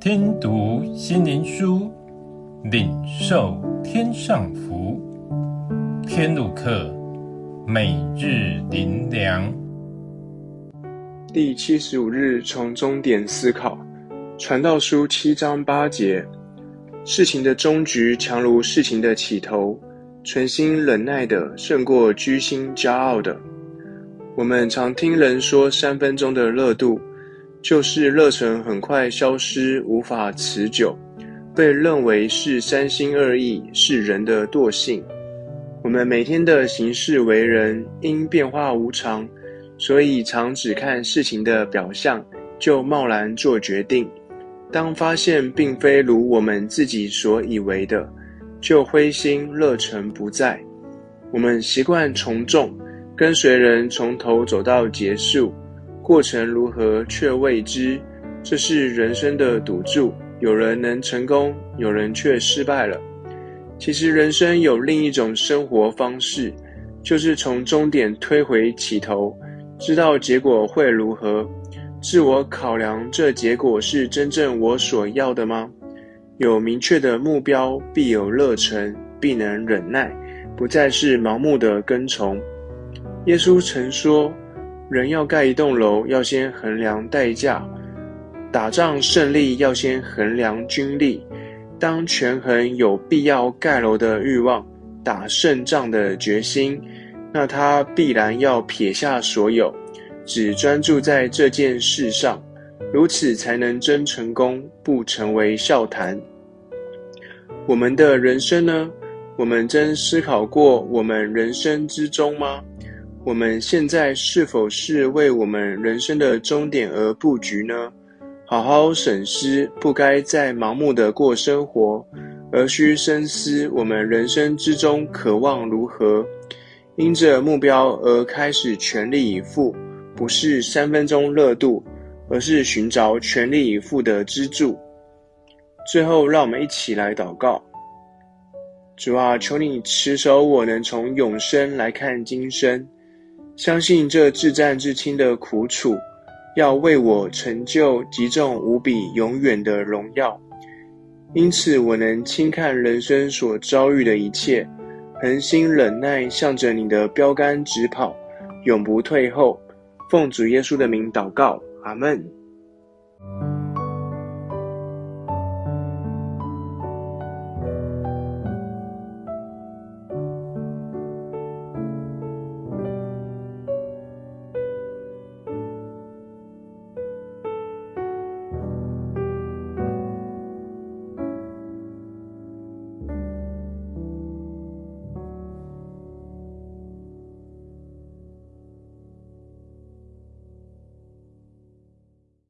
聽讀心靈書，領受天上福。天路客每日靈糧，第七十五日從終點思考。傳道書七章八節，事情的終局強如事情的起頭。存心忍耐的勝過居心驕傲的。我們常聽人說三分鐘的熱度。就是熱誠很快消失，無法持久，被認為是三心二意，是人的惰性。我們每天的行事為人，因變化無常，所以常只看事情的表象，就冒然做決定。當發現並非如我們自己所以為的，就灰心，熱誠不再。我們習慣從眾，跟隨人從頭走到結束。過程如何卻未知，這是人生的賭注。有人能成功，有人卻失敗了。其實人生有另一種生活方式，就是從終點推回起頭，知道結果會如何，自我考量這結果是真正我所要的嗎？有明確的目標，必有熱誠，必能忍耐，不再是盲目的跟從。耶穌曾說。人要蓋一棟樓，要先衡量代價；打仗勝利要先衡量軍力。當權衡有必要蓋樓的慾望、打勝仗的決心，那他必然要撇下所有，只專注在這件事上，如此才能真成功，不成為笑談。我們的人生呢？我們真思考過我們人生之終嗎？我們現在是否是為我們人生的終點而布局呢？好好審思，不該再盲目的過生活，而需深思我們人生之終渴望如何，因着目標而開始全力以赴，不是三分鐘熱度，而是尋找全力以赴的支柱。最後，讓我們一起來禱告：主啊，求你持守我能從永生來看今生。相信這至暫至輕的苦楚，要為我成就極重無比、永遠的榮耀。因此，我能輕看人生所遭遇的一切，恆心忍耐，向着你的標竿直跑，永不退後。奉主耶穌的名禱告，阿門。